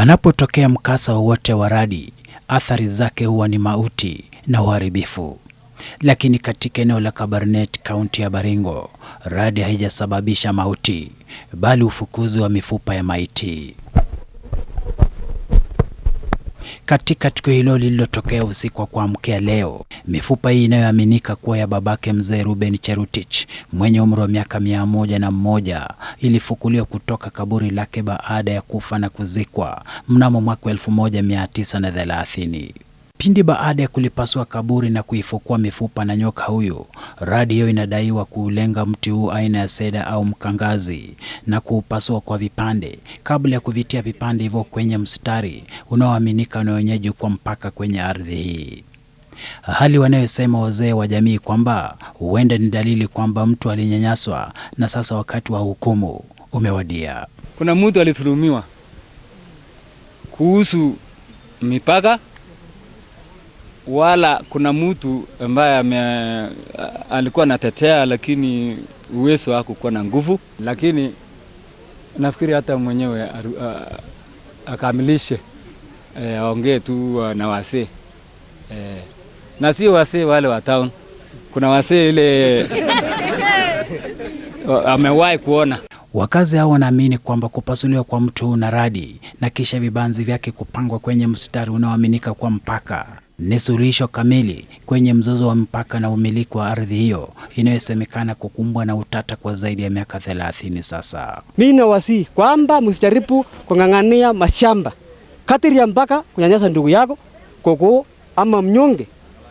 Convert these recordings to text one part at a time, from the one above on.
Panapotokea mkasa wowote wa radi, athari zake huwa ni mauti na uharibifu. Lakini katika eneo la Kabarnet, kaunti ya Baringo, radi haijasababisha mauti, bali ufukuzi wa mifupa ya maiti. katika tukio hilo lililotokea usiku wa kuamkia leo. Mifupa hii inayoaminika kuwa ya babake mzee Ruben Cherutich mwenye umri wa miaka mia moja na mmoja ilifukuliwa kutoka kaburi lake baada ya kufa na kuzikwa mnamo mwaka 1930. Pindi baada ya kulipasua kaburi na kuifukua mifupa na nyoka huyu, radi hiyo inadaiwa kuulenga mti huu aina ya seda au mkangazi na kuupasua kwa vipande, kabla ya kuvitia vipande hivyo kwenye mstari unaoaminika na wenyeji kwa mpaka kwenye ardhi hii hali wanayosema wazee wa jamii kwamba huenda ni dalili kwamba mtu alinyanyaswa na sasa wakati wa hukumu umewadia. Kuna mtu alithulumiwa kuhusu mipaka wala kuna mtu ambaye alikuwa anatetea, lakini uwezo hakukuwa na nguvu, lakini nafikiri hata mwenyewe akamilishe, e, aongee tu na wasee e, na sio wasee wale wa town. Kuna wasee ile amewahi kuona. Wakazi hao wanaamini kwamba kupasuliwa kwa mtu huu na radi na kisha vibanzi vyake kupangwa kwenye mstari unaoaminika kwa mpaka ni suluhisho kamili kwenye mzozo wa mpaka na umiliki wa ardhi hiyo inayosemekana kukumbwa na utata kwa zaidi ya miaka thelathini sasa. Mimi nawasihi kwamba msijaribu kung'ang'ania mashamba katiri ya mpaka kunyanyasa ndugu yako koko ama mnyonge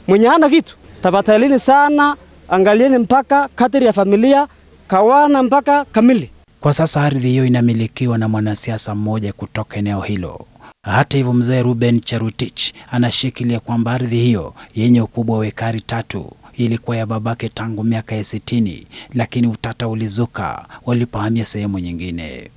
mwenye ana kitu. Tafadhalini sana, angalieni mpaka katiri ya familia kawana mpaka kamili. Kwa sasa ardhi hiyo inamilikiwa na mwanasiasa mmoja kutoka eneo hilo. Hata hivyo, mzee Ruben Cherutich anashikilia kwamba ardhi hiyo yenye ukubwa wa ekari tatu ilikuwa ya babake tangu miaka ya sitini, lakini utata ulizuka walipohamia sehemu nyingine.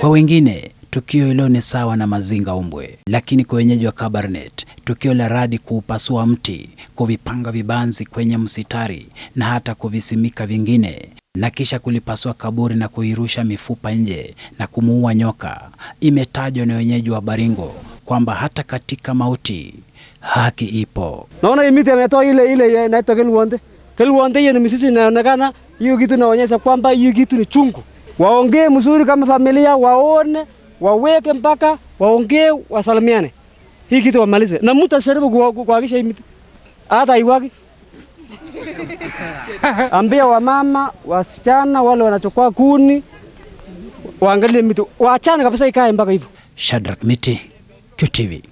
Kwa wengine tukio hilo ni sawa na mazinga umbwe lakini kwa wenyeji wa Kabarnet tukio la radi kuupasua mti, kuvipanga vibanzi kwenye msitari na hata kuvisimika vingine na kisha kulipasua kaburi na kuirusha mifupa nje na kumuua nyoka. Imetajwa na wenyeji wa Baringo kwamba hata katika mauti haki ipo. Naona hii miti ametoa ile ile inaitwa keluonde. Keluonde hiyo ni misisi inaonekana, hiyo kitu inaonyesha kwamba hiyo kitu ni chungu. Waongee mzuri kama familia, waone waweke mpaka waongee, wasalimiane, hii kitu wamalize, na mtu asharibu kuhakisha hii miti hata iwaki ambia wamama, wasichana wale wanachukua kuni waangalie mitu waachane kabisa ikae mpaka hivyo. Shadrack Miti, QTV.